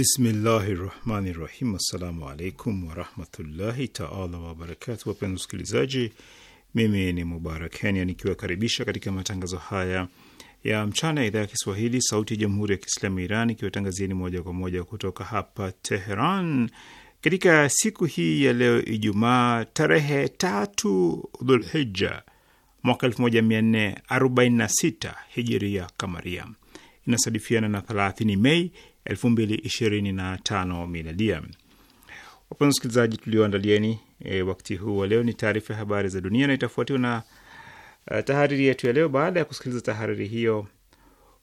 Bismillahi rahmani rahim. Assalamu alaikum warahmatullahi taala wabarakatu. Wapenzi wasikilizaji, mimi ni Mubarak Kenya nikiwakaribisha katika matangazo haya ya mchana ya idhaa ya Kiswahili sauti ya jamhuri ya Kiislamu ya Iran ikiwatangazieni moja kwa moja kutoka hapa Teheran katika siku hii ya leo Ijumaa tarehe tatu Dhulhija mwaka sita hijiria kamaria inasadifiana na thelathini Mei 2025 miladia. Wapenzi wasikilizaji, tulioandalieni e, wakati huu wa leo ni taarifa ya habari za dunia na itafuatiwa na uh, tahariri yetu ya leo. Baada ya kusikiliza tahariri hiyo,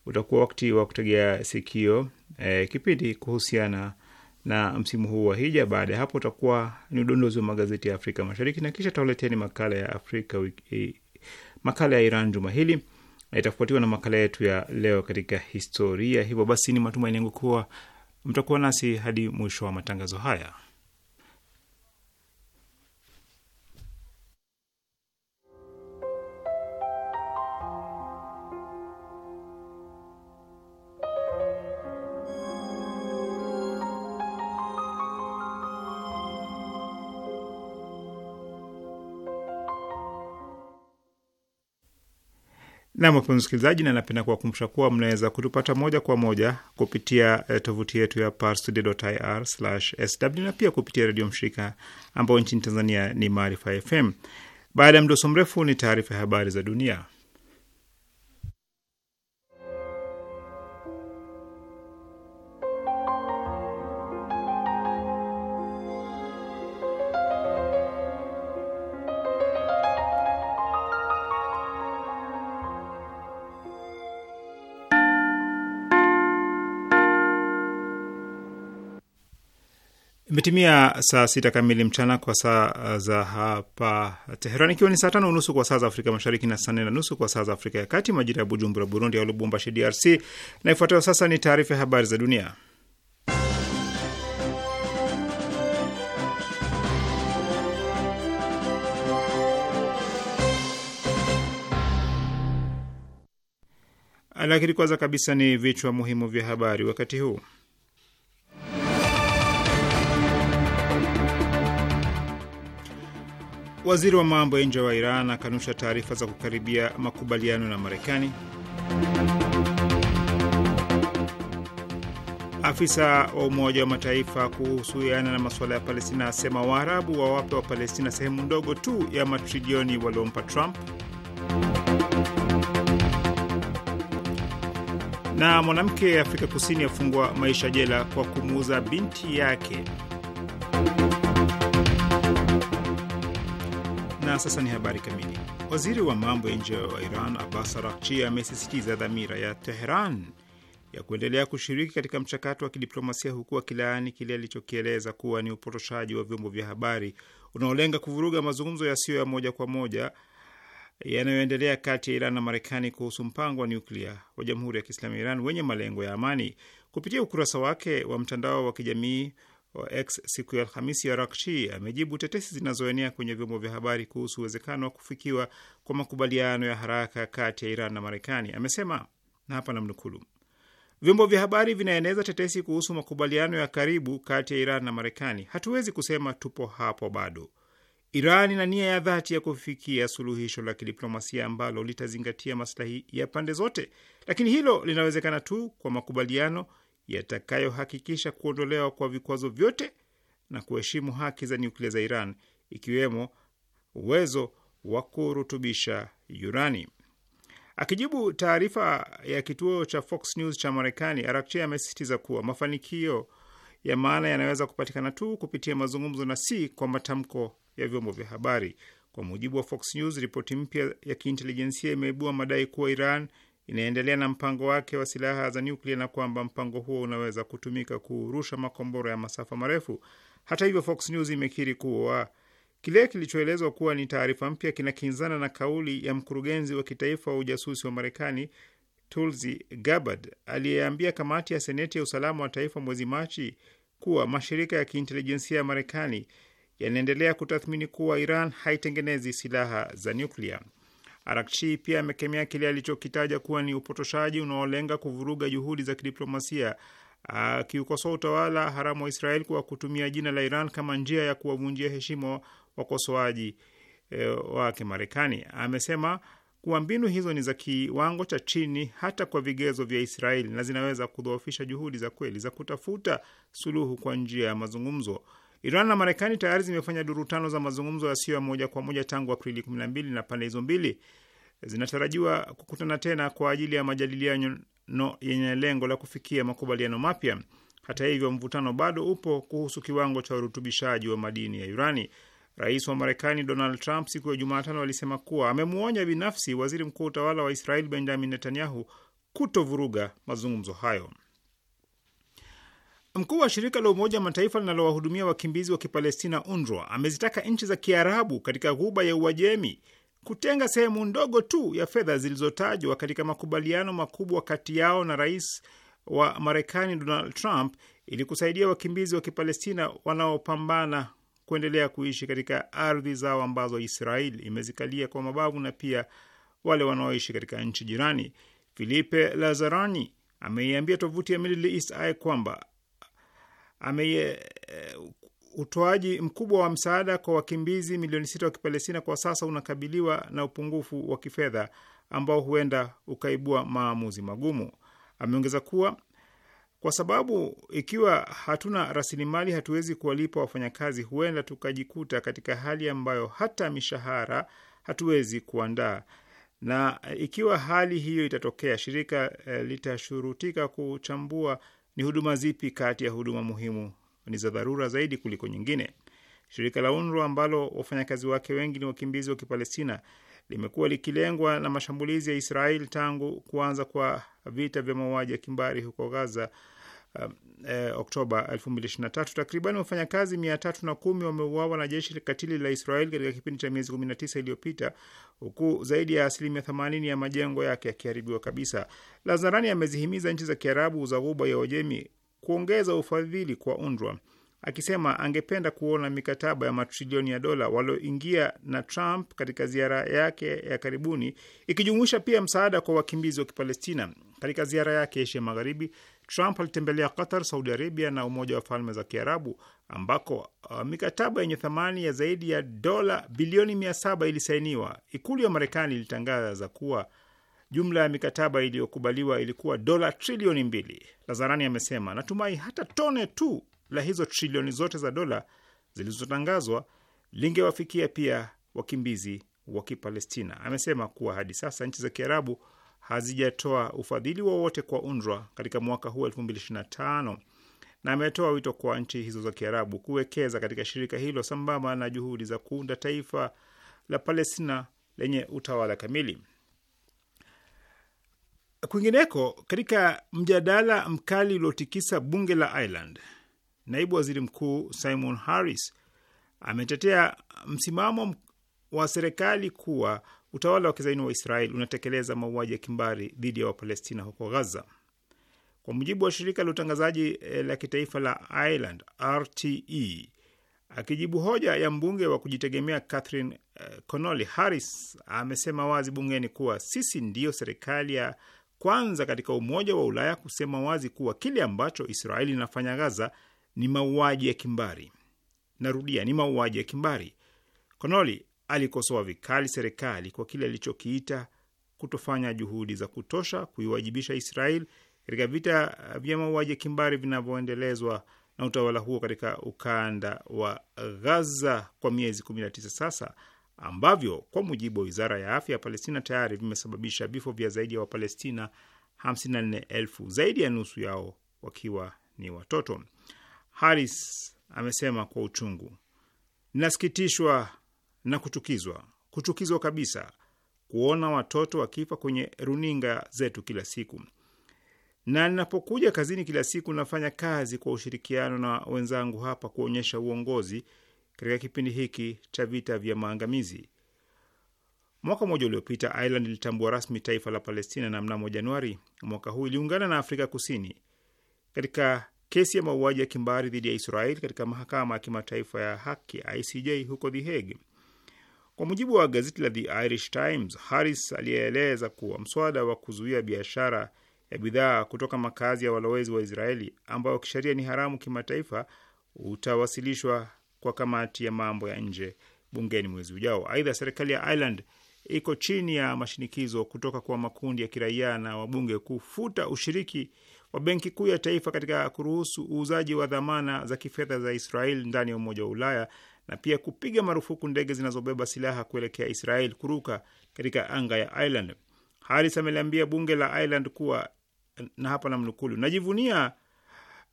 utakuwa wakti wa kutegea sikio e, kipindi kuhusiana na msimu huu wa hija. Baada ya hapo, utakuwa ni udondozi wa magazeti ya Afrika Mashariki na kisha tauleteni makala ya Afrika wiki, makala ya Iran juma hili na itafuatiwa na makala yetu ya leo katika historia. Hivyo basi, ni matumaini yangu kuwa mtakuwa nasi hadi mwisho wa matangazo haya. Nam wapenzi msikilizaji, na napenda kuwakumbusha kuwa mnaweza kutupata moja kwa moja kupitia eh, tovuti yetu ya parstoday.ir/sw na pia kupitia redio mshirika ambao nchini Tanzania ni Maarifa FM. Baada ya mdoso mrefu, ni taarifa ya habari za dunia. Imetimia saa sita kamili mchana kwa saa uh, za hapa Teheran, ikiwa ni saa tano unusu kwa saa za Afrika Mashariki na saa nne na nusu kwa saa za Afrika ya Kati, majira ya Bujumbura, Burundi, au Lubumbashi, DRC. Na ifuatayo sasa ni taarifa ya habari za dunia, lakini kwanza kabisa ni vichwa muhimu vya habari wakati huu. Waziri wa mambo ya nje wa Iran akanusha taarifa za kukaribia makubaliano na Marekani. Afisa wa Umoja wa Mataifa kuhusiana na masuala ya Palestina asema Waarabu wawape wa Palestina sehemu ndogo tu ya matrilioni waliompa Trump. Na mwanamke Afrika Kusini afungwa maisha jela kwa kumuuza binti yake. sasa ni habari kamili. Waziri wa mambo ya nje wa Iran Abbas Araghchi amesisitiza dhamira ya Teheran ya kuendelea kushiriki katika mchakato wa kidiplomasia huku akilaani kile alichokieleza kuwa ni upotoshaji wa vyombo vya habari unaolenga kuvuruga mazungumzo yasiyo ya moja kwa moja yanayoendelea kati ya Iran na Marekani kuhusu mpango wa nyuklia wa Jamhuri ya Kiislamu ya Iran wenye malengo ya amani. Kupitia ukurasa wake wa mtandao wa kijamii wa X siku ya Alhamisi ya Rakshi amejibu tetesi zinazoenea kwenye vyombo vya habari kuhusu uwezekano wa kufikiwa kwa makubaliano ya haraka kati ya Iran na Marekani. Amesema na hapa namnukulu, vyombo vya habari vinaeneza tetesi kuhusu makubaliano ya karibu kati ya Iran na Marekani. Hatuwezi kusema tupo hapo bado. Iran ina nia ya dhati ya kufikia suluhisho la kidiplomasia ambalo litazingatia maslahi ya pande zote, lakini hilo linawezekana tu kwa makubaliano yatakayohakikisha kuondolewa kwa vikwazo vyote na kuheshimu haki za nyuklia za Iran, ikiwemo uwezo wa kurutubisha urani. Akijibu taarifa ya kituo cha Fox News cha Marekani, Arakchi amesisitiza kuwa mafanikio ya maana yanaweza kupatikana tu kupitia mazungumzo na si kwa matamko ya vyombo vya habari. Kwa mujibu wa Fox News, ripoti mpya ya kiintelijensia imeibua madai kuwa Iran inaendelea na mpango wake wa silaha za nyuklia na kwamba mpango huo unaweza kutumika kurusha makombora ya masafa marefu. Hata hivyo, Fox News imekiri kuwa kile kilichoelezwa kuwa ni taarifa mpya kinakinzana na kauli ya mkurugenzi wa kitaifa wa ujasusi wa Marekani Tulsi Gabbard aliyeambia kamati ya Seneti ya usalama wa taifa mwezi Machi kuwa mashirika ya kiintelijensia ya Marekani yanaendelea kutathmini kuwa Iran haitengenezi silaha za nyuklia. Arakchi pia amekemea kile alichokitaja kuwa ni upotoshaji unaolenga kuvuruga juhudi za kidiplomasia, akiukosoa utawala haramu wa Israel kwa kutumia jina la Iran kama njia ya kuwavunjia heshima wakosoaji e, wake Marekani. Amesema kuwa mbinu hizo ni za kiwango cha chini hata kwa vigezo vya Israeli na zinaweza kudhoofisha juhudi za kweli za kutafuta suluhu kwa njia ya mazungumzo. Iran na Marekani tayari zimefanya duru tano za mazungumzo yasiyo ya moja kwa moja tangu Aprili 12 na pande hizo mbili zinatarajiwa kukutana tena kwa ajili ya majadiliano no yenye lengo la kufikia makubaliano mapya. Hata hivyo, mvutano bado upo kuhusu kiwango cha urutubishaji wa madini ya urani. Rais wa Marekani Donald Trump siku ya Jumatano alisema kuwa amemwonya binafsi waziri mkuu wa utawala wa Israeli Benjamin Netanyahu kutovuruga mazungumzo hayo. Mkuu wa shirika la Umoja wa Mataifa linalowahudumia wakimbizi wa Kipalestina, UNRWA, amezitaka nchi za Kiarabu katika Ghuba ya Uajemi kutenga sehemu ndogo tu ya fedha zilizotajwa katika makubaliano makubwa kati yao na rais wa Marekani Donald Trump ili kusaidia wakimbizi wa Kipalestina wanaopambana kuendelea kuishi katika ardhi zao ambazo Israel imezikalia kwa mabavu na pia wale wanaoishi katika nchi jirani. Filipe Lazarani ameiambia tovuti ya Middle East Eye kwamba ame eh, utoaji mkubwa wa msaada kwa wakimbizi milioni sita wa Kipalestina kwa sasa unakabiliwa na upungufu wa kifedha ambao huenda ukaibua maamuzi magumu. Ameongeza kuwa kwa sababu ikiwa hatuna rasilimali, hatuwezi kuwalipa wafanyakazi, huenda tukajikuta katika hali ambayo hata mishahara hatuwezi kuandaa, na ikiwa hali hiyo itatokea, shirika eh, litashurutika kuchambua ni huduma zipi kati ya huduma muhimu ni za dharura zaidi kuliko nyingine. Shirika la UNRWA ambalo wafanyakazi wake wengi ni wakimbizi wa Kipalestina limekuwa likilengwa na mashambulizi ya Israeli tangu kuanza kwa vita vya mauaji ya kimbari huko Gaza eh, Oktoba 2023 takriban wafanyakazi 310 wameuawa na jeshi katili la Israeli katika kipindi cha miezi 19 iliyopita, huku zaidi ya asilimia 80 ya majengo yake yakiharibiwa kabisa. Lazarani amezihimiza nchi za Kiarabu za Ghuba ya Uajemi kuongeza ufadhili kwa UNRWA akisema angependa kuona mikataba ya matrilioni ya dola walioingia na Trump katika ziara yake ya karibuni ikijumuisha pia msaada kwa wakimbizi wa Kipalestina. Katika ziara yake Asia Magharibi, Trump alitembelea Qatar, Saudi Arabia na Umoja wa Falme za Kiarabu ambako uh, mikataba yenye thamani ya zaidi ya dola bilioni mia saba ilisainiwa. Ikulu ya Marekani ilitangaza kuwa jumla ya mikataba iliyokubaliwa ilikuwa dola trilioni mbili. Lazarani amesema, natumai hata tone tu la hizo trilioni zote za dola zilizotangazwa lingewafikia pia wakimbizi wa Kipalestina. Amesema kuwa hadi sasa nchi za Kiarabu hazijatoa ufadhili wowote kwa UNRWA katika mwaka huu 2025 na ametoa wito kwa nchi hizo za Kiarabu kuwekeza katika shirika hilo sambamba na juhudi za kuunda taifa la Palestina lenye utawala kamili. Kwingineko, katika mjadala mkali uliotikisa bunge la Ireland, naibu waziri mkuu Simon Harris ametetea msimamo wa serikali kuwa Utawala wa kizaini wa Israel unatekeleza mauaji ya kimbari dhidi ya Wapalestina huko gaza Kwa mujibu wa shirika la utangazaji eh, la kitaifa la Ireland, RTE, akijibu hoja ya mbunge wa kujitegemea Catherine eh, Connolly, Harris amesema wazi bungeni kuwa sisi ndiyo serikali ya kwanza katika Umoja wa Ulaya kusema wazi kuwa kile ambacho Israeli inafanya Gaza ni mauaji ya kimbari. Narudia, ni mauaji ya kimbari. Connolly alikosoa vikali serikali kwa kile alichokiita kutofanya juhudi za kutosha kuiwajibisha Israel katika vita vya mauaji ya kimbari vinavyoendelezwa na utawala huo katika ukanda wa Gaza kwa miezi 19 sasa, ambavyo kwa mujibu wa wizara ya afya ya Palestina tayari vimesababisha vifo vya zaidi ya Wapalestina 54,000, zaidi ya nusu yao wakiwa ni watoto. Haris amesema kwa uchungu, nasikitishwa na kuchukizwa, kuchukizwa kabisa kuona watoto wakifa kwenye runinga zetu kila siku. Na ninapokuja kazini kila siku, nafanya kazi kwa ushirikiano na wenzangu hapa kuonyesha uongozi katika kipindi hiki cha vita vya maangamizi. Mwaka mmoja uliopita, Ireland ilitambua rasmi taifa la Palestina, na mnamo Januari mwaka huu iliungana na Afrika Kusini katika kesi ya mauaji ya kimbari dhidi ya Israeli katika mahakama ya kimataifa ya haki ICJ huko The Hague. Kwa mujibu wa gazeti la The Irish Times, Harris aliyeeleza kuwa mswada wa kuzuia biashara ya bidhaa kutoka makazi ya walowezi wa Israeli ambayo kisheria ni haramu kimataifa utawasilishwa kwa kamati ya mambo ya nje bungeni mwezi ujao. Aidha, serikali ya Ireland iko chini ya mashinikizo kutoka kwa makundi ya kiraia na wabunge kufuta ushiriki wa Benki Kuu ya Taifa katika kuruhusu uuzaji wa dhamana za kifedha za Israel ndani ya Umoja wa Ulaya na pia kupiga marufuku ndege zinazobeba silaha kuelekea Israel kuruka katika anga ya Ireland. Haris ameliambia bunge la Ireland kuwa na hapa namnukulu, najivunia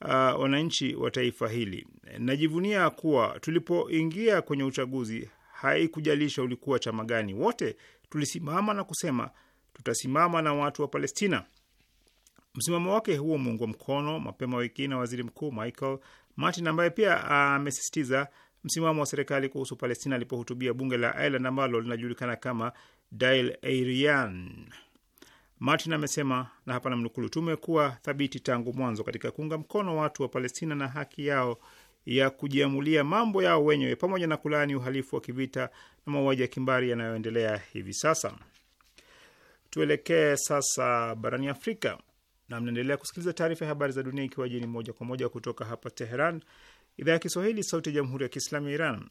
uh, wananchi wa taifa hili, najivunia kuwa tulipoingia kwenye uchaguzi haikujalisha ulikuwa chama gani, wote tulisimama na kusema tutasimama na watu wa Palestina. Msimamo wake huo muungwa mkono mapema wiki na waziri mkuu Michael Martin ambaye pia uh, amesisitiza uh, msimamo wa serikali kuhusu Palestina alipohutubia bunge la Ireland ambalo linajulikana kama Dail Éireann. Martin amesema, na hapa namnukuu, tumekuwa thabiti tangu mwanzo katika kuunga mkono watu wa Palestina na haki yao ya kujiamulia mambo yao wenyewe pamoja na kulaani uhalifu wa kivita na mauaji ya kimbari yanayoendelea hivi sasa. Tuelekee sasa barani Afrika na mnaendelea kusikiliza taarifa ya habari za dunia ikiwa jini moja kwa moja kutoka hapa Teheran idhaa ya Kiswahili, sauti ya jamhuri ya kiislamu ya Iran.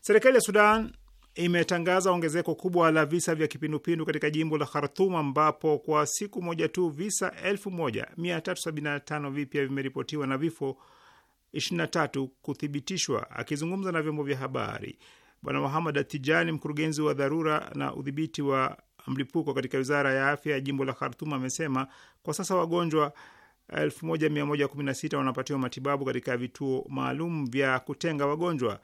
Serikali ya Sudan imetangaza ongezeko kubwa la visa vya kipindupindu katika jimbo la Khartum, ambapo kwa siku moja tu visa 1375 vipya vimeripotiwa na vifo 23 kuthibitishwa. Akizungumza na vyombo vya habari, Bwana Muhamad Atijani, mkurugenzi wa dharura na udhibiti wa mlipuko katika wizara ya afya ya jimbo la Khartum, amesema kwa sasa wagonjwa 1116 wanapatiwa matibabu katika vituo maalum vya kutenga wagonjwa.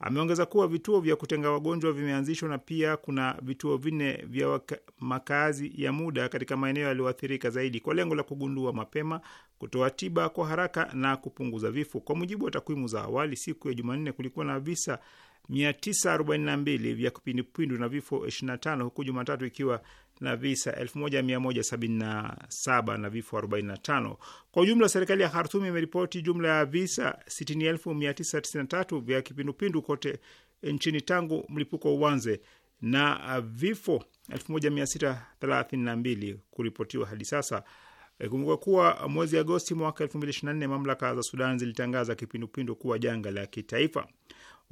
Ameongeza kuwa vituo vya kutenga wagonjwa vimeanzishwa na pia kuna vituo vinne vya makazi ya muda katika maeneo yaliyoathirika zaidi kwa lengo la kugundua mapema, kutoa tiba kwa haraka na kupunguza vifo. Kwa mujibu wa takwimu za awali, siku ya Jumanne kulikuwa na visa 942 vya kipindupindu na vifo 25 huku Jumatatu ikiwa na visa 1177 na vifo 45. Kwa ujumla, serikali ya Khartoum imeripoti jumla ya visa 60993 vya kipindupindu kote nchini tangu mlipuko uanze na vifo 1632 kuripotiwa hadi sasa. Kumbuka kuwa mwezi Agosti mwaka 2024 mamlaka za Sudan zilitangaza kipindupindu kuwa janga la kitaifa.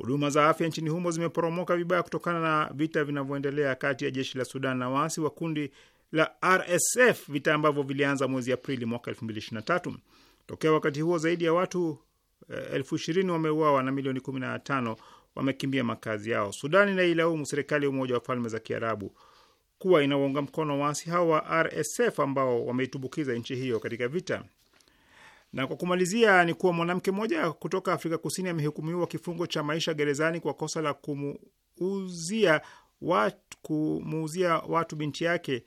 Huduma za afya nchini humo zimeporomoka vibaya kutokana na vita vinavyoendelea kati ya jeshi la Sudan na waasi wa kundi la RSF, vita ambavyo vilianza mwezi Aprili mwaka 2023. Tokea wakati huo zaidi ya watu eh, elfu ishirini wameuawa na milioni 15 wamekimbia makazi yao. Sudan inailaumu serikali ya Umoja wa Falme za Kiarabu kuwa inawaunga mkono waasi hao wa RSF ambao wameitumbukiza nchi hiyo katika vita. Na kwa kumalizia ni kuwa mwanamke mmoja kutoka Afrika Kusini amehukumiwa kifungo cha maisha gerezani kwa kosa la kumuuzia watu, kumuuzia watu binti yake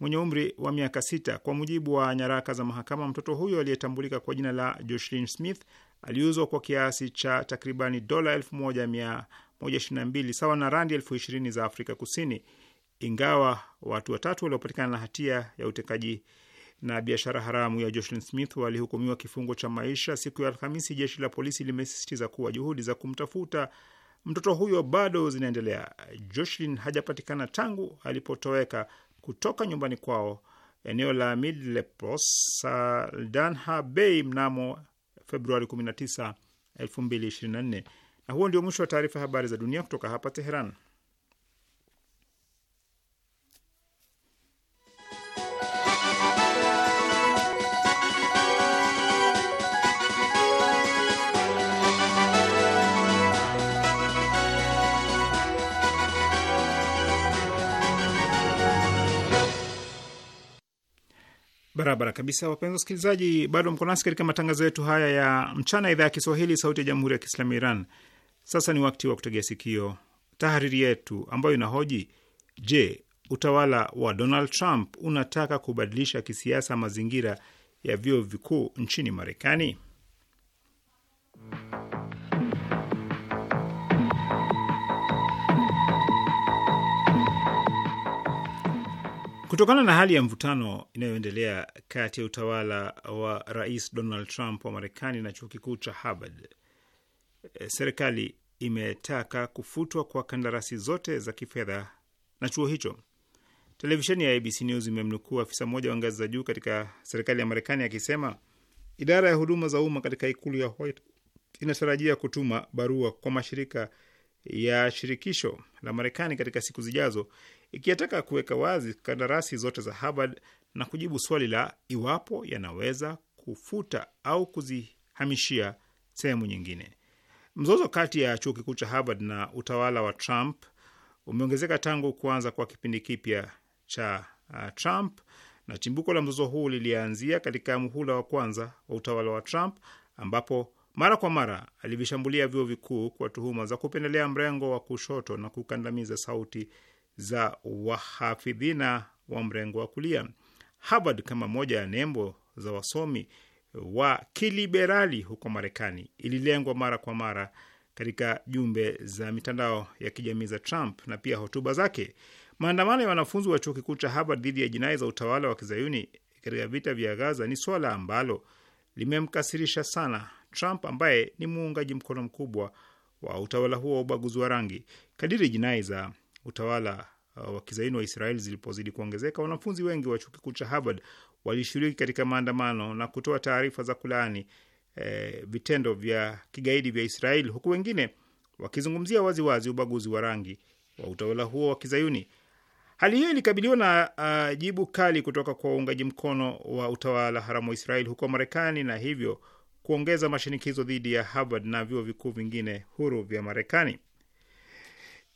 mwenye umri wa miaka sita. Kwa mujibu wa nyaraka za mahakama, mtoto huyo aliyetambulika kwa jina la Joshlin Smith aliuzwa kwa kiasi cha takribani dola elfu moja mia moja ishirini na mbili sawa na randi elfu ishirini za Afrika Kusini, ingawa watu watatu waliopatikana na hatia ya utekaji na biashara haramu ya Jocelyn Smith walihukumiwa kifungo cha maisha siku ya Alhamisi. Jeshi la polisi limesisitiza kuwa juhudi za kumtafuta mtoto huyo bado zinaendelea. Jocelyn hajapatikana tangu alipotoweka kutoka nyumbani kwao eneo la Midlepos, Saldanha Bay mnamo Februari 19, 2024. Na huo ndio mwisho wa taarifa ya habari za dunia kutoka hapa Teheran. Barabara kabisa, wapenzi wasikilizaji, bado mko nasi katika matangazo yetu haya ya mchana, idhaa ya Kiswahili, sauti ya jamhuri ya kiislamu ya Iran. Sasa ni wakati wa kutegea sikio tahariri yetu ambayo inahoji: Je, utawala wa Donald Trump unataka kubadilisha kisiasa mazingira ya vyuo vikuu nchini Marekani? Kutokana na hali ya mvutano inayoendelea kati ya utawala wa Rais Donald Trump wa Marekani na chuo kikuu cha Harvard, eh, serikali imetaka kufutwa kwa kandarasi zote za kifedha na chuo hicho. Televisheni ya ABC News imemnukuu afisa mmoja wa ngazi za juu katika serikali ya Marekani akisema idara ya huduma za umma katika ikulu ya White inatarajia kutuma barua kwa mashirika ya shirikisho la Marekani katika siku zijazo ikiyataka kuweka wazi kandarasi zote za Harvard na kujibu swali la iwapo yanaweza kufuta au kuzihamishia sehemu nyingine. Mzozo kati ya chuo kikuu cha Harvard na utawala wa Trump umeongezeka tangu kuanza kwa kipindi kipya cha uh, Trump na chimbuko la mzozo huu lilianzia katika muhula wa kwanza wa utawala wa Trump ambapo mara kwa mara alivishambulia vyuo vikuu kwa tuhuma za kupendelea mrengo wa kushoto na kukandamiza sauti za wahafidhina wa mrengo wa kulia. Harvard kama moja ya nembo za wasomi wa kiliberali huko Marekani ililengwa mara kwa mara katika jumbe za mitandao ya kijamii za Trump na pia hotuba zake. Maandamano ya wanafunzi wa chuo kikuu cha Harvard dhidi ya jinai za utawala wa kizayuni katika vita vya Gaza ni swala ambalo limemkasirisha sana Trump ambaye ni muungaji mkono mkubwa wa utawala huo wa ubaguzi wa rangi. Kadiri jinai za utawala uh, wa kizaini wa Israeli zilipozidi kuongezeka, wanafunzi wengi wa chuo kikuu cha Harvard walishiriki katika maandamano na kutoa taarifa za kulaani e, vitendo vya kigaidi vya Israeli, huku wengine wakizungumzia waziwazi wazi ubaguzi wa rangi wa utawala huo wa kizayuni. Hali hiyo ilikabiliwa na uh, jibu kali kutoka kwa uungaji mkono wa utawala haramu wa Israeli huko Marekani na hivyo kuongeza mashinikizo dhidi ya Harvard na vyuo vikuu vingine huru vya Marekani.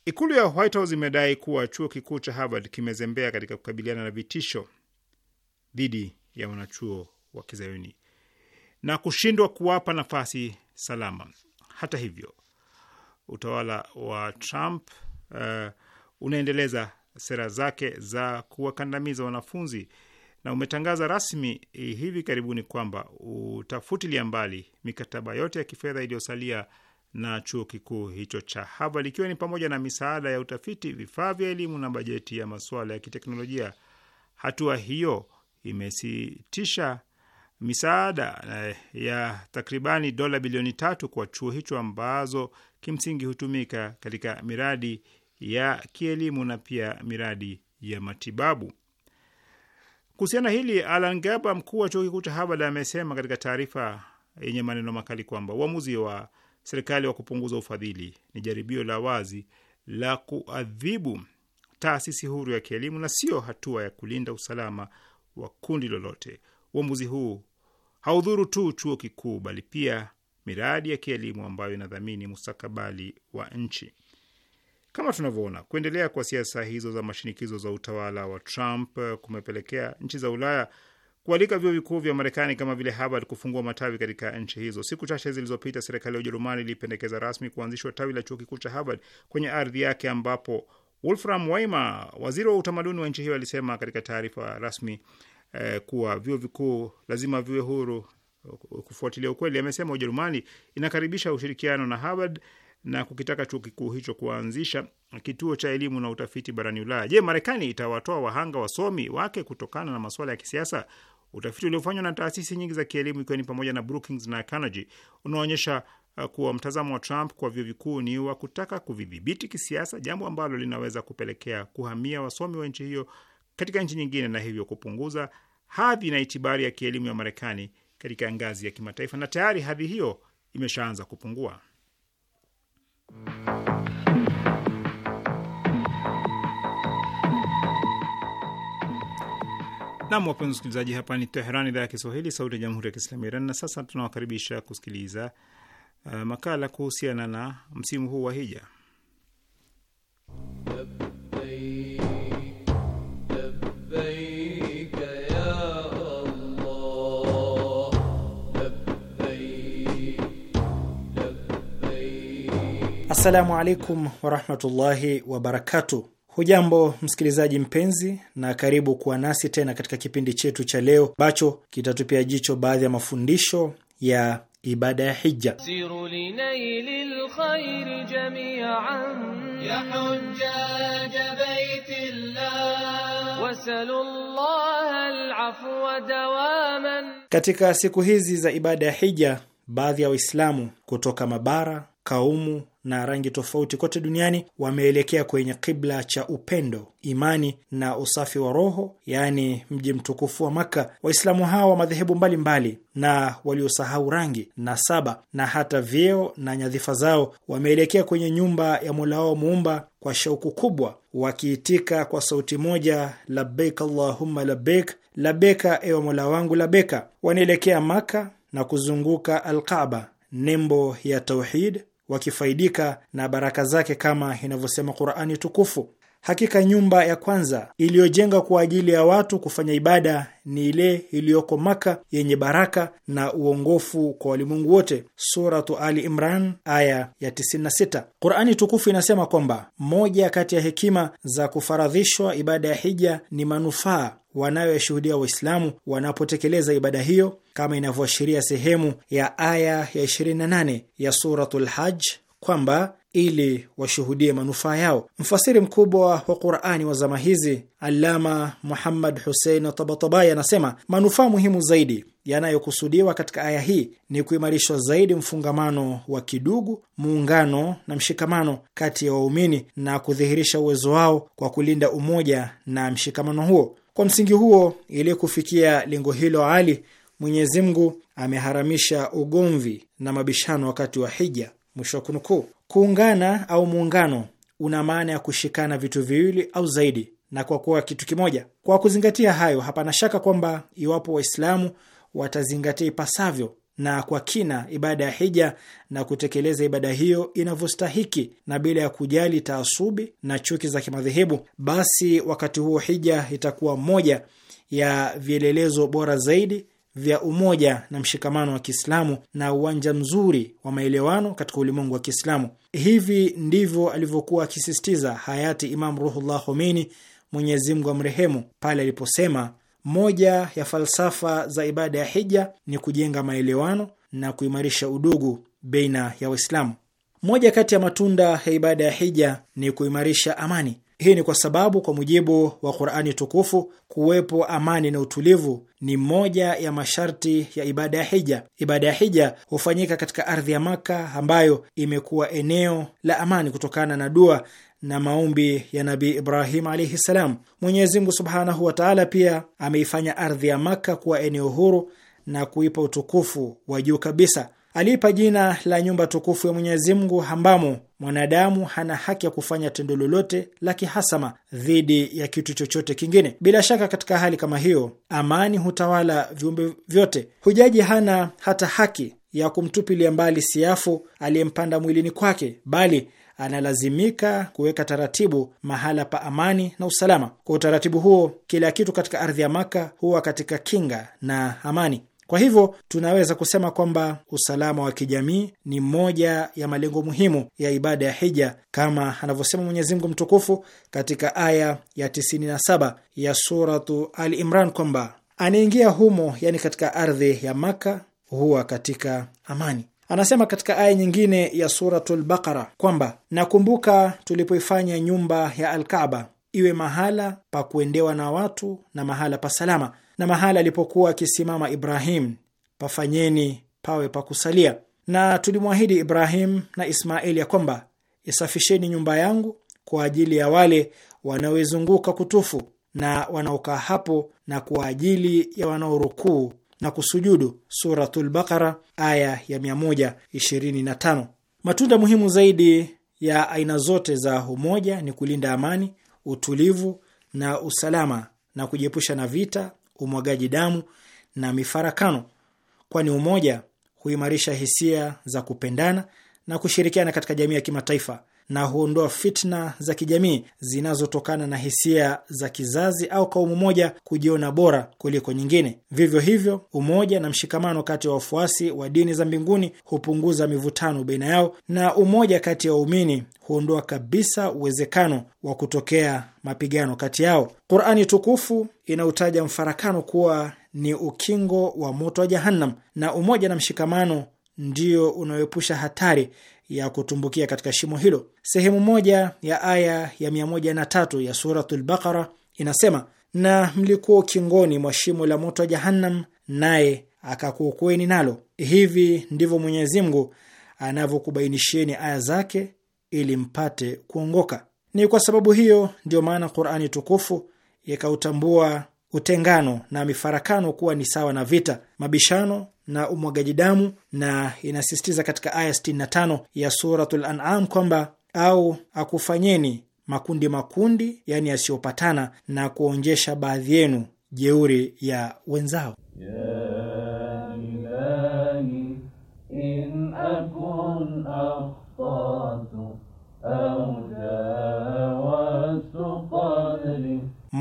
Ikulu ya White House imedai kuwa chuo kikuu cha Harvard kimezembea katika kukabiliana na vitisho dhidi ya wanachuo wa kizayuni na kushindwa kuwapa nafasi salama. Hata hivyo, utawala wa Trump uh, unaendeleza sera zake za kuwakandamiza wanafunzi na umetangaza rasmi hivi karibuni kwamba utafutilia mbali mikataba yote ya kifedha iliyosalia na chuo kikuu hicho cha Harvard, ikiwa ni pamoja na misaada ya utafiti, vifaa vya elimu na bajeti ya masuala ya kiteknolojia. Hatua hiyo imesitisha misaada eh, ya takribani dola bilioni tatu kwa chuo hicho ambazo kimsingi hutumika katika miradi ya kielimu na pia miradi ya matibabu. Kuhusiana hili, Alan Gaba, mkuu wa chuo kikuu cha Harvard, amesema katika taarifa yenye maneno makali kwamba uamuzi wa serikali wa kupunguza ufadhili ni jaribio la wazi la kuadhibu taasisi huru ya kielimu na sio hatua ya kulinda usalama wa kundi lolote. Uamuzi huu haudhuru tu chuo kikuu bali pia miradi ya kielimu ambayo inadhamini mustakabali wa nchi. Kama tunavyoona, kuendelea kwa siasa hizo za mashinikizo za utawala wa Trump kumepelekea nchi za Ulaya kualika vyuo vikuu vya Marekani kama vile Harvard kufungua matawi katika nchi hizo. Siku chache zilizopita, serikali ya Ujerumani ilipendekeza rasmi kuanzishwa tawi la chuo kikuu cha Harvard kwenye ardhi yake, ambapo Wolfram Weimer, waziri wa utamaduni wa nchi hiyo, alisema katika taarifa rasmi eh, kuwa vyuo vikuu lazima viwe huru kufuatilia ukweli. Amesema Ujerumani inakaribisha ushirikiano na Harvard na kukitaka chuo kikuu hicho kuanzisha kituo cha elimu na utafiti barani Ulaya. Je, Marekani itawatoa wahanga wasomi wake kutokana na masuala ya kisiasa? Utafiti uliofanywa na taasisi nyingi za kielimu ikiwa ni pamoja na Brookings na Carnegie unaonyesha uh, kuwa mtazamo wa Trump kwa vyuo vikuu ni wa kutaka kuvidhibiti kisiasa, jambo ambalo linaweza kupelekea kuhamia wasomi wa nchi hiyo katika nchi nyingine na hivyo kupunguza hadhi na itibari ya kielimu ya Marekani katika ngazi ya kimataifa, na tayari hadhi hiyo imeshaanza kupungua. Nam, wapenzi msikilizaji, hapa ni Teheran, idhaa ya Kiswahili, sauti ya jamhuri ya kiislamu Iran. Na sasa tunawakaribisha kusikiliza uh, makala kuhusiana na msimu huu wa hija. Assalamu alaikum warahmatullahi wabarakatuh. Hujambo msikilizaji mpenzi, na karibu kuwa nasi tena katika kipindi chetu cha leo ambacho kitatupia jicho baadhi ya mafundisho ya ibada ya hija. Katika siku hizi za ibada ya hija, baadhi ya Waislamu kutoka mabara, kaumu na rangi tofauti kote duniani wameelekea kwenye kibla cha upendo, imani na usafi wa roho, yaani mji mtukufu wa Makka. Waislamu hawa wa madhehebu mbalimbali na waliosahau rangi, na saba na hata vyeo na nyadhifa zao wameelekea kwenye nyumba ya Mola wao Muumba kwa shauku kubwa, wakiitika kwa sauti moja, labbeik allahumma labbeik, labeka ewe Mola wangu labeka. Wanaelekea makka na kuzunguka Alkaba, nembo ya tauhid wakifaidika na baraka zake kama inavyosema Qurani Tukufu. Hakika nyumba ya kwanza iliyojenga kwa ajili ya watu kufanya ibada ni ile iliyoko Maka yenye baraka na uongofu kwa walimwengu wote. Suratu Ali Imran aya ya 96. Qurani tukufu inasema kwamba moja kati ya hekima za kufaradhishwa ibada ya hija ni manufaa wanayoyashuhudia Waislamu wanapotekeleza ibada hiyo kama inavyoashiria sehemu ya aya ya 28 ya Suratul Hajj kwamba ili washuhudie manufaa yao. Mfasiri mkubwa wa Qurani wa zama hizi Allama Muhammad Husein Tabatabai anasema manufaa muhimu zaidi yanayokusudiwa katika aya hii ni kuimarishwa zaidi mfungamano wa kidugu, muungano na mshikamano kati ya waumini na kudhihirisha uwezo wao kwa kulinda umoja na mshikamano huo. Kwa msingi huo, ili kufikia lengo hilo ali Mwenyezi Mungu ameharamisha ugomvi na mabishano wakati wa hija. Mwisho wa kunukuu. Kuungana au muungano una maana ya kushikana vitu viwili au zaidi na kwa kuwa kitu kimoja. Kwa kuzingatia hayo, hapana shaka kwamba iwapo Waislamu watazingatia ipasavyo na kwa kina ibada ya hija na kutekeleza ibada hiyo inavyostahiki na bila ya kujali taasubi na chuki za kimadhehebu, basi wakati huo hija itakuwa moja ya vielelezo bora zaidi vya umoja na mshikamano wa Kiislamu na uwanja mzuri wa maelewano katika ulimwengu wa Kiislamu. Hivi ndivyo alivyokuwa akisisitiza hayati Imam Ruhullah Khomeini, Mwenyezi Mungu amrehemu, pale aliposema moja ya falsafa za ibada ya hija ni kujenga maelewano na kuimarisha udugu beina ya Waislamu. Moja kati ya matunda ya ibada ya hija ni kuimarisha amani. Hii ni kwa sababu, kwa mujibu wa Qur'ani tukufu, kuwepo amani na utulivu ni moja ya masharti ya ibada ya hija. Ibada ya hija hufanyika katika ardhi ya Maka ambayo imekuwa eneo la amani kutokana na dua na maombi ya Nabi Ibrahim alaihi ssalam. Mwenyezi Mungu subhanahu wa taala pia ameifanya ardhi ya Maka kuwa eneo huru na kuipa utukufu wa juu kabisa aliipa jina la nyumba tukufu ya Mwenyezi Mungu ambamo mwanadamu hana haki ya kufanya tendo lolote la kihasama dhidi ya kitu chochote kingine. Bila shaka, katika hali kama hiyo, amani hutawala viumbe vyote. Hujaji hana hata haki ya kumtupilia mbali siafu aliyempanda mwilini kwake, bali analazimika kuweka taratibu mahala pa amani na usalama. Kwa utaratibu huo, kila kitu katika ardhi ya Maka huwa katika kinga na amani. Kwa hivyo tunaweza kusema kwamba usalama wa kijamii ni moja ya malengo muhimu ya ibada ya hija, kama anavyosema Mwenyezi Mungu mtukufu katika aya ya 97 ya suratu Al Imran kwamba anaingia humo, yani katika ardhi ya Maka, huwa katika amani. Anasema katika aya nyingine ya Suratu Lbaqara kwamba nakumbuka tulipoifanya nyumba ya alkaba iwe mahala pa kuendewa na watu na mahala pa salama na mahala alipokuwa akisimama Ibrahim pafanyeni pawe pa kusalia. Na tulimwahidi Ibrahim na Ismaeli ya kwamba isafisheni nyumba yangu kwa ajili ya wale wanaoizunguka kutufu na wanaokaa hapo na kwa ajili ya wanaorukuu na kusujudu. Suratul aya ya 125. Matunda muhimu zaidi ya aina zote za umoja ni kulinda amani, utulivu na usalama na kujiepusha na vita, umwagaji damu na mifarakano, kwani umoja huimarisha hisia za kupendana na kushirikiana katika jamii ya kimataifa na huondoa fitna za kijamii zinazotokana na hisia za kizazi au kaumu moja kujiona bora kuliko nyingine. Vivyo hivyo, umoja na mshikamano kati ya wafuasi wa dini za mbinguni hupunguza mivutano baina yao, na umoja kati ya waumini huondoa kabisa uwezekano wa kutokea mapigano kati yao. Qurani tukufu inautaja mfarakano kuwa ni ukingo wa moto wa Jahannam, na umoja na mshikamano ndio unaoepusha hatari ya kutumbukia katika shimo hilo. Sehemu moja ya aya ya 103 ya Suratul Baqara inasema, na mlikuwa ukingoni mwa shimo la moto wa Jahannam, naye akakuokoeni nalo. Hivi ndivyo Mwenyezi Mungu anavyokubainisheni aya zake ili mpate kuongoka. Ni kwa sababu hiyo ndiyo maana Qur'ani tukufu yakautambua utengano na mifarakano kuwa ni sawa na vita, mabishano na umwagaji damu, na inasisitiza katika aya 65 ya Suratul An'am kwamba au akufanyeni makundi makundi, yani yasiyopatana, na kuonjesha baadhi yenu jeuri ya wenzao ya ilahi, in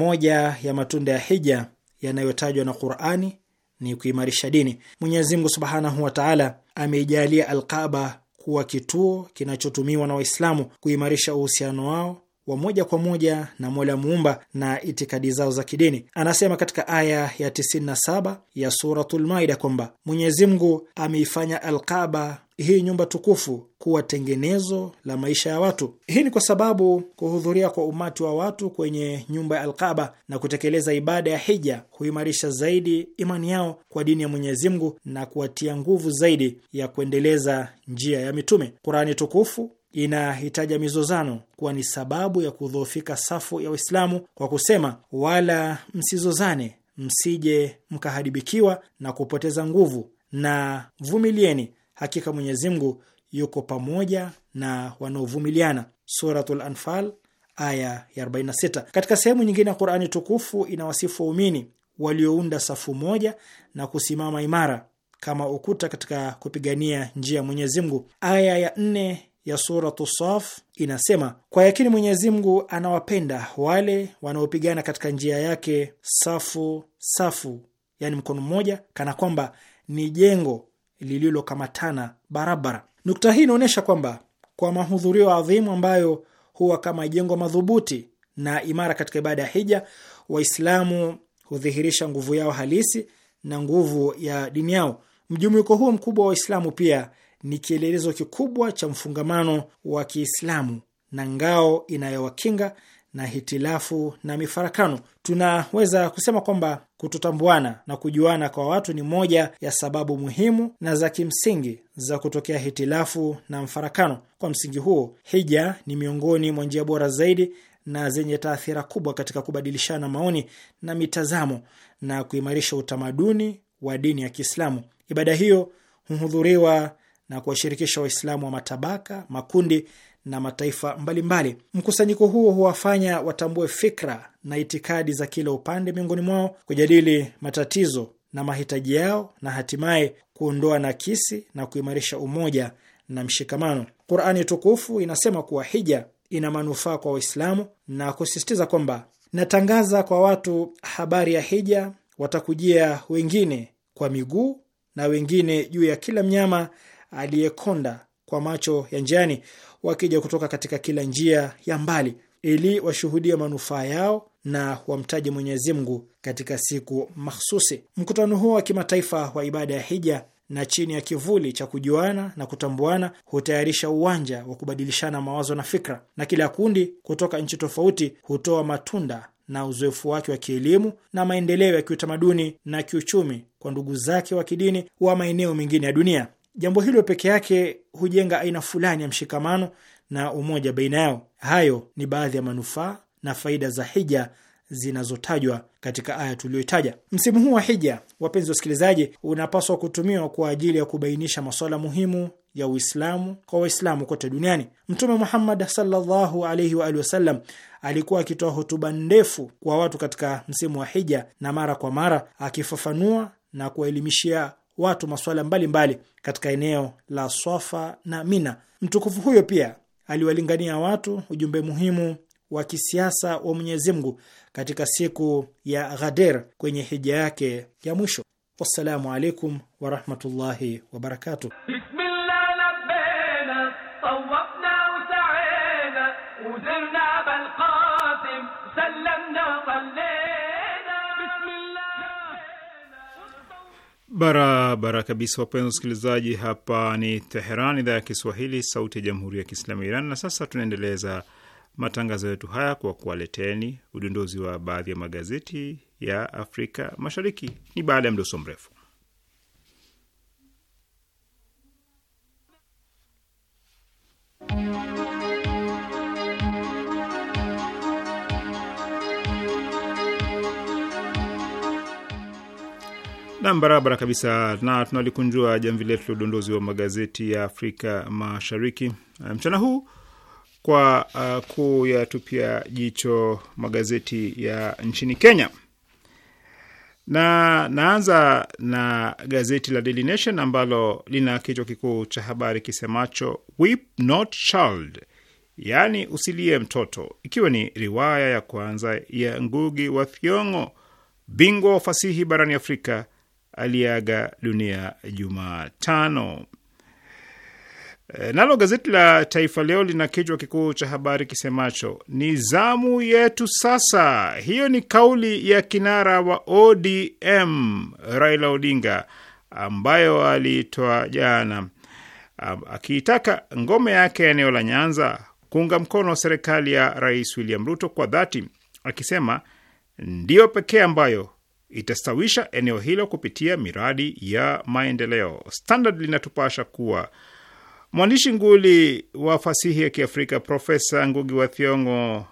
moja ya matunda ya hija yanayotajwa na Qurani ni kuimarisha dini. Mwenyezi Mungu subhanahu wa taala ameijalia Alqaba kuwa kituo kinachotumiwa na Waislamu kuimarisha uhusiano wao wa moja kwa moja na Mola muumba na itikadi zao za kidini. Anasema katika aya ya 97 ya Suratul Maida kwamba Mwenyezi Mungu ameifanya Alqaba hii nyumba tukufu kuwa tengenezo la maisha ya watu. Hii ni kwa sababu kuhudhuria kwa umati wa watu kwenye nyumba ya Alkaba na kutekeleza ibada ya hija huimarisha zaidi imani yao kwa dini ya Mwenyezi Mungu na kuwatia nguvu zaidi ya kuendeleza njia ya mitume. Kurani tukufu inahitaja mizozano kuwa ni sababu ya kudhoofika safu ya Waislamu kwa kusema, wala msizozane, msije mkaharibikiwa na kupoteza nguvu, na vumilieni Hakika Mwenyezi Mungu yuko pamoja na wanaovumiliana. Suratul Anfal aya ya 46. Katika sehemu nyingine ya Qur'ani tukufu inawasifu waumini waliounda safu moja na kusimama imara kama ukuta katika kupigania njia ya Mwenyezi Mungu. Aya ya nne ya Suratu Saf inasema, kwa yakini Mwenyezi Mungu anawapenda wale wanaopigana katika njia yake safu safu, yani mkono mmoja, kana kwamba ni jengo lililokamatana barabara. Nukta hii inaonyesha kwamba kwa mahudhurio adhimu ambayo huwa kama jengo madhubuti na imara katika ibada ya hija, Waislamu hudhihirisha nguvu yao halisi na nguvu ya dini yao. Mjumuiko huo mkubwa wa Waislamu pia ni kielelezo kikubwa cha mfungamano wa Kiislamu na ngao inayowakinga na hitilafu na mifarakano. Tunaweza kusema kwamba kutotambuana na kujuana kwa watu ni moja ya sababu muhimu na za kimsingi za kutokea hitilafu na mfarakano. Kwa msingi huo, hija ni miongoni mwa njia bora zaidi na zenye taathira kubwa katika kubadilishana maoni na mitazamo na kuimarisha utamaduni wa dini ya Kiislamu. Ibada hiyo huhudhuriwa na kuwashirikisha Waislamu wa matabaka, makundi na mataifa mbalimbali. Mkusanyiko huo huwafanya watambue fikra na itikadi za kila upande miongoni mwao, kujadili matatizo na mahitaji yao, na hatimaye kuondoa nakisi na kuimarisha umoja na mshikamano. Qurani tukufu inasema kuwa hija ina manufaa kwa Waislamu na kusisitiza kwamba natangaza kwa watu habari ya hija, watakujia wengine kwa miguu na wengine juu ya kila mnyama aliyekonda kwa macho ya njiani, wakija kutoka katika kila njia ya mbali ili washuhudie manufaa yao na wamtaje Mwenyezi Mungu katika siku mahsusi. Mkutano huo wa kimataifa wa ibada ya hija na chini ya kivuli cha kujuana na kutambuana hutayarisha uwanja wa kubadilishana mawazo na fikra, na kila kundi kutoka nchi tofauti hutoa matunda na uzoefu wake wa kielimu na maendeleo ya kiutamaduni na kiuchumi kwa ndugu zake wa kidini wa maeneo mengine ya dunia. Jambo hilo peke yake hujenga aina fulani ya mshikamano na umoja baina yao. Hayo ni baadhi ya manufaa na faida za hija zinazotajwa katika aya tuliyoitaja. Msimu huu wa hija, wapenzi wasikilizaji, unapaswa kutumiwa kwa ajili ya kubainisha masuala muhimu ya Uislamu kwa Waislamu kote duniani. Mtume Muhammad sallallahu alaihi wa alihi wasallam alikuwa akitoa hotuba ndefu kwa watu katika msimu wa hija, na mara kwa mara akifafanua na kuwaelimishia watu masuala mbalimbali mbali katika eneo la Swafa na Mina. Mtukufu huyo pia aliwalingania watu ujumbe muhimu wa kisiasa wa Mwenyezi Mungu katika siku ya Ghadir kwenye hija yake ya mwisho. Wassalamu alaikum warahmatullahi wabarakatuh. Barabara kabisa, wapenzi wasikilizaji, hapa ni Teheran, idhaa ya Kiswahili, sauti ya jamhuri ya kiislamu ya Iran. Na sasa tunaendeleza matangazo yetu haya kwa kuwaleteni udondozi wa baadhi ya magazeti ya Afrika Mashariki. Ni baada ya mdoso mrefu Nam, barabara kabisa. Na tunalikunjua jamvi letu la udondozi wa magazeti ya Afrika Mashariki eh, mchana huu kwa uh, eh, kuyatupia jicho magazeti ya nchini Kenya, na naanza na gazeti la Daily Nation ambalo lina kichwa kikuu cha habari kisemacho Weep not child, yaani usilie mtoto, ikiwa ni riwaya ya kwanza ya Ngugi wa Thiong'o, bingwa wa fasihi barani Afrika aliyeaga dunia Jumatano. Eh, nalo gazeti la Taifa Leo lina kichwa kikuu cha habari kisemacho ni zamu yetu sasa. Hiyo ni kauli ya kinara wa ODM Raila Odinga ambayo alitoa jana akiitaka ngome yake ya eneo la Nyanza kuunga mkono serikali ya Rais William Ruto kwa dhati, akisema ndiyo pekee ambayo itastawisha eneo hilo kupitia miradi ya maendeleo. Standard linatupasha kuwa mwandishi nguli wa fasihi ya Kiafrika Profesa Ngugi wa Thiong'o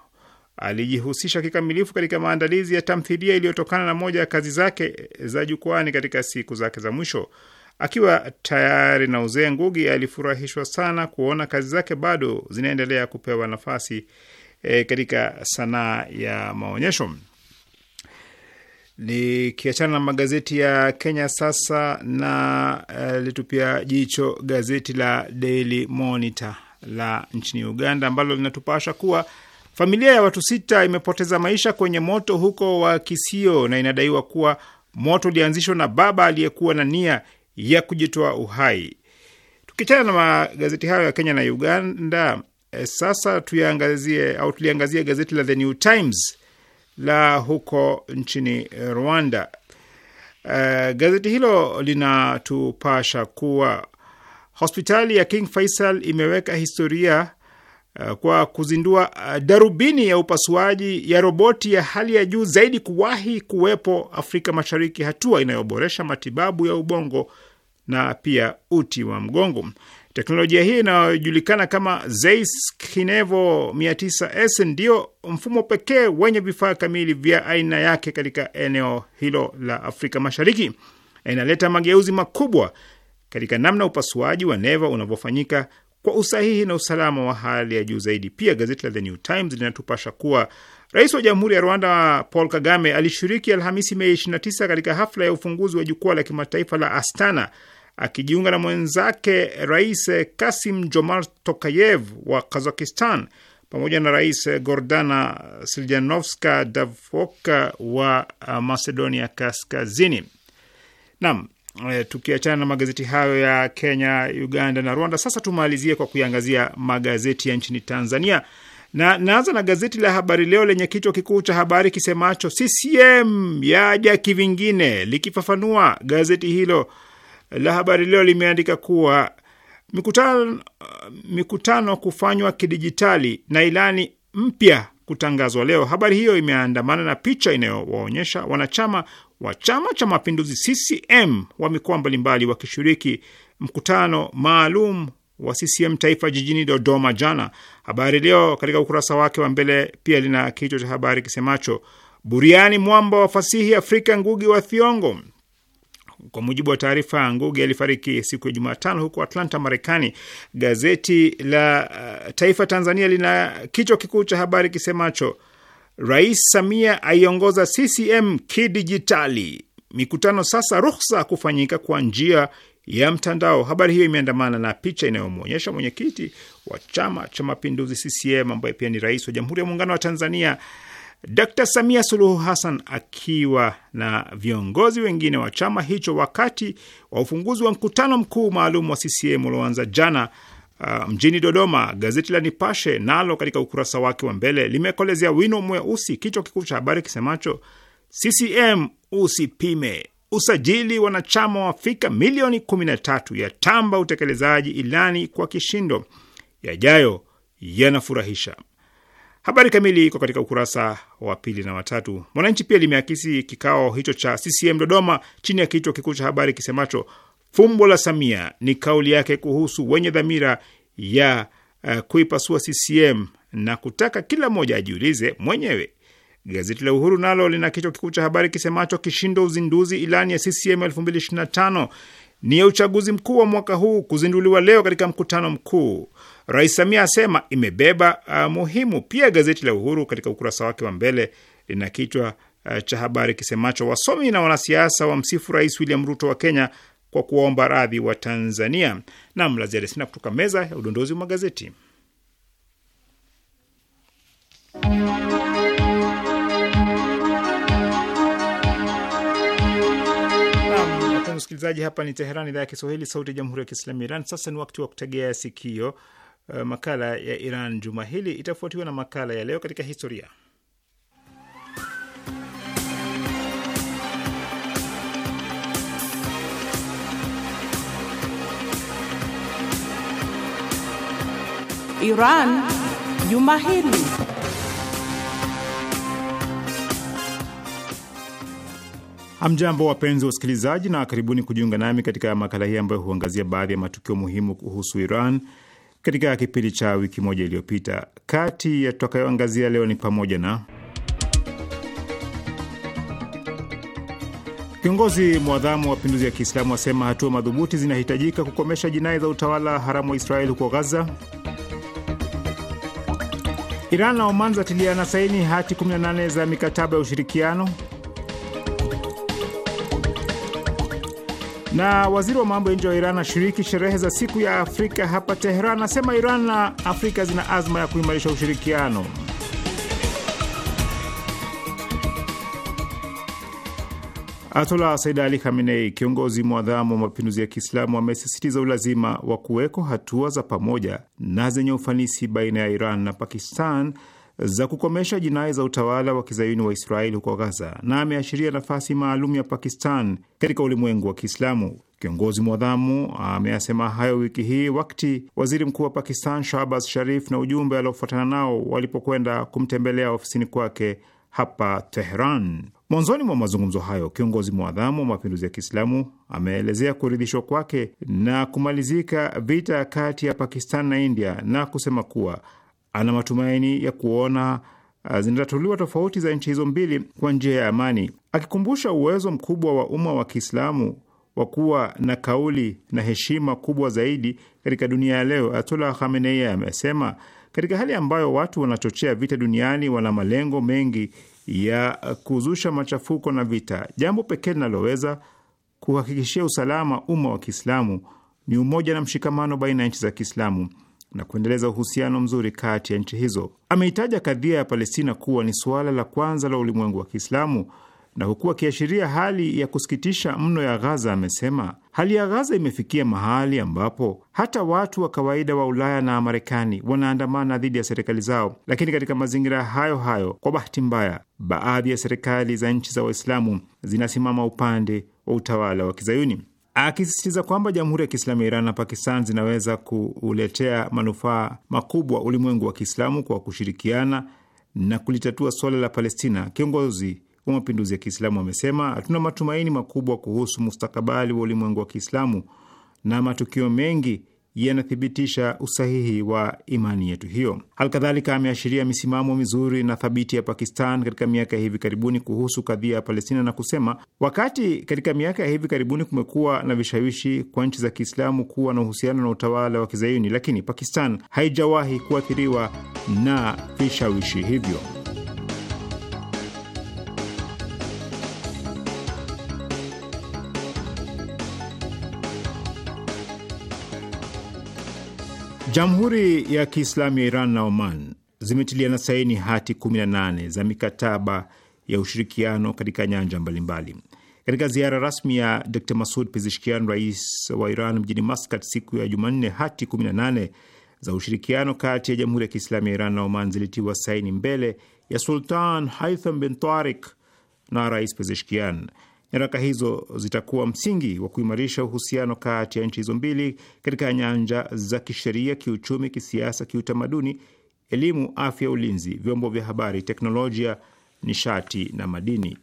alijihusisha kikamilifu katika maandalizi ya tamthilia iliyotokana na moja ya kazi zake za jukwani katika siku zake za mwisho. Akiwa tayari na uzee, Ngugi alifurahishwa sana kuona kazi zake bado zinaendelea kupewa nafasi e, katika sanaa ya maonyesho. Nikiachana na magazeti ya Kenya sasa na uh, litupia jicho gazeti la Daily Monitor la nchini Uganda ambalo linatupasha kuwa familia ya watu sita imepoteza maisha kwenye moto huko wa Kisio, na inadaiwa kuwa moto ulianzishwa na baba aliyekuwa na nia ya kujitoa uhai. Tukiachana na magazeti hayo ya Kenya na Uganda, eh, sasa tuyaangazie au tuliangazia gazeti la The New Times la huko nchini Rwanda. Uh, gazeti hilo linatupasha kuwa hospitali ya King Faisal imeweka historia uh, kwa kuzindua uh, darubini ya upasuaji ya roboti ya hali ya juu zaidi kuwahi kuwepo Afrika Mashariki, hatua inayoboresha matibabu ya ubongo na pia uti wa mgongo. Teknolojia hii inayojulikana kama Zeiss Kinevo 900S ndio mfumo pekee wenye vifaa kamili vya aina yake katika eneo hilo la Afrika Mashariki. Inaleta mageuzi makubwa katika namna upasuaji wa neva unavyofanyika kwa usahihi na usalama wa hali ya juu zaidi. Pia gazeti la The New Times linatupasha kuwa rais wa Jamhuri ya Rwanda Paul Kagame alishiriki Alhamisi Mei 29 katika hafla ya ufunguzi wa jukwaa la kimataifa la Astana akijiunga na mwenzake Rais Kasim jomar Tokayev wa Kazakistan pamoja na Rais Gordana Siljanovska Davoka wa Macedonia Kaskazini. Nam, e, tukiachana na magazeti hayo ya Kenya, Uganda na Rwanda, sasa tumalizie kwa kuiangazia magazeti ya nchini Tanzania na naanza na gazeti la Habari Leo lenye kichwa kikuu cha habari kisemacho CCM yaja kivingine. Likifafanua, gazeti hilo la Habari Leo limeandika kuwa mikutano, mikutano kufanywa kidijitali na ilani mpya kutangazwa leo. Habari hiyo imeandamana na picha inayowaonyesha wanachama wa Chama cha Mapinduzi CCM wa mikoa mbalimbali wakishiriki mkutano maalum wa CCM taifa jijini Dodoma jana. Habari Leo katika ukurasa wake wa mbele pia lina kichwa cha habari kisemacho buriani mwamba wa fasihi Afrika Ngugi wa Thiong'o. Kwa mujibu wa taarifa ya Ngugi, alifariki siku ya Jumatano huko Atlanta, Marekani. Gazeti la uh, Taifa Tanzania lina kichwa kikuu cha habari kisemacho Rais Samia aiongoza CCM kidijitali, mikutano sasa ruhusa kufanyika kwa njia ya mtandao. Habari hiyo imeandamana na picha inayomwonyesha mwenyekiti wa Chama cha Mapinduzi CCM ambaye pia ni rais wa Jamhuri ya Muungano wa Tanzania Dkt. Samia Suluhu Hassan akiwa na viongozi wengine wa chama hicho wakati wa ufunguzi wa mkutano mkuu maalum wa CCM ulioanza jana uh, mjini Dodoma. Gazeti la Nipashe nalo katika ukurasa wake wa mbele limekolezea wino mweusi kichwa kikuu cha habari kisemacho CCM usipime usajili wanachama wafika milioni 13, ya tamba utekelezaji ilani kwa kishindo, yajayo yanafurahisha. Habari kamili iko katika ukurasa wa pili na watatu. Mwananchi pia limeakisi kikao hicho cha CCM Dodoma chini ya kichwa kikuu cha habari kisemacho fumbo la Samia ni kauli yake kuhusu wenye dhamira ya uh, kuipasua CCM na kutaka kila mmoja ajiulize mwenyewe. Gazeti la Uhuru nalo lina kichwa kikuu cha habari kisemacho kishindo uzinduzi ilani ya CCM 2025 ni ya uchaguzi mkuu wa mwaka huu kuzinduliwa leo katika mkutano mkuu. Rais Samia asema imebeba uh, muhimu. Pia gazeti la Uhuru katika ukurasa wake wa mbele lina kichwa uh, cha habari kisemacho wasomi na wanasiasa wa msifu Rais William Ruto wa Kenya kwa kuwaomba radhi wa Tanzania. Nam la ziada sina kutoka meza ya udondozi wa magazeti. Msikilizaji, hapa ni Teherani, idhaa ya Kiswahili, sauti ya jamhuri ya kiislamu Iran. Sasa ni wakati wa kutegea sikio Eh, makala ya Iran juma hili itafuatiwa na makala ya leo katika historia. Iran juma hili. Hamjambo, wapenzi wa usikilizaji, na karibuni kujiunga nami katika makala hii ambayo huangazia baadhi ya matukio muhimu kuhusu Iran katika kipindi cha wiki moja iliyopita. Kati ya tutakayoangazia leo ni pamoja na Kiongozi mwadhamu wa mapinduzi ya Kiislamu asema hatua madhubuti zinahitajika kukomesha jinai za utawala haramu wa Israeli huko Gaza. Iran na Oman zatiliana saini hati 18 za mikataba ya ushirikiano. Na waziri wa mambo ya nje wa Iran ashiriki sherehe za siku ya Afrika hapa Teheran. Anasema Iran na Afrika zina azma ya kuimarisha ushirikiano. Atola Said Ali Khamenei, kiongozi mwadhamu wa mapinduzi ya Kiislamu, amesisitiza ulazima wa kuweko hatua za pamoja na zenye ufanisi baina ya Iran na Pakistan za kukomesha jinai za utawala wa kizayuni wa Israeli huko Gaza na ameashiria nafasi maalum ya Pakistan katika ulimwengu wa Kiislamu. Kiongozi mwadhamu ameyasema hayo wiki hii wakati waziri mkuu wa Pakistan Shahbaz Sharif na ujumbe aliofuatana nao walipokwenda kumtembelea ofisini kwake hapa Tehran. Mwanzoni mwa mazungumzo hayo, kiongozi mwadhamu wa mapinduzi ya Kiislamu ameelezea kuridhishwa kwake na kumalizika vita kati ya Pakistan na India na kusema kuwa ana matumaini ya kuona uh, zinatatuliwa tofauti za nchi hizo mbili kwa njia ya amani, akikumbusha uwezo mkubwa wa umma wa Kiislamu wa kuwa na kauli na heshima kubwa zaidi katika dunia ya leo. Ayatollah Khamenei amesema katika hali ambayo watu wanachochea vita duniani, wana malengo mengi ya kuzusha machafuko na vita, jambo pekee linaloweza kuhakikishia usalama umma wa Kiislamu ni umoja na mshikamano baina ya nchi za Kiislamu na kuendeleza uhusiano mzuri kati ya nchi hizo. Ameitaja kadhia ya Palestina kuwa ni suala la kwanza la ulimwengu wa Kiislamu na huku akiashiria hali ya kusikitisha mno ya Ghaza, amesema hali ya Ghaza imefikia mahali ambapo hata watu wa kawaida wa Ulaya na Marekani wanaandamana dhidi ya serikali zao. Lakini katika mazingira hayo hayo, kwa bahati mbaya, baadhi ya serikali za nchi za Waislamu zinasimama upande wa utawala wa Kizayuni akisisitiza kwamba Jamhuri ya Kiislamu ya Iran na Pakistan zinaweza kuuletea manufaa makubwa ulimwengu wa Kiislamu kwa kushirikiana na kulitatua suala la Palestina. Kiongozi wa mapinduzi ya Kiislamu amesema, tuna matumaini makubwa kuhusu mustakabali wa ulimwengu wa Kiislamu na matukio mengi yanathibitisha usahihi wa imani yetu hiyo. kadhalika ameashiria misimamo mizuri na thabiti ya Pakistan katika miaka ya hivi karibuni kuhusu kadhia ya Palestina na kusema, wakati katika miaka ya hivi karibuni kumekuwa na vishawishi kwa nchi za Kiislamu kuwa na uhusiano na utawala wa Kizayuni, lakini Pakistan haijawahi kuathiriwa na vishawishi hivyo. Jamhuri ya Kiislamu ya Iran na Oman zimetiliana saini hati 18 za mikataba ya ushirikiano katika nyanja mbalimbali. Katika ziara rasmi ya Dr Masud pezishkian rais wa Iran, mjini Maskat siku ya Jumanne, hati 18 za ushirikiano kati ya Jamhuri ya Kiislamu ya Iran na Oman zilitiwa saini mbele ya Sultan Haitham bin Tarik na Rais pezishkian Nyaraka hizo zitakuwa msingi wa kuimarisha uhusiano kati ya nchi hizo mbili katika nyanja za kisheria, kiuchumi, kisiasa, kiutamaduni, elimu, afya, ulinzi, vyombo vya habari, teknolojia, nishati na madini.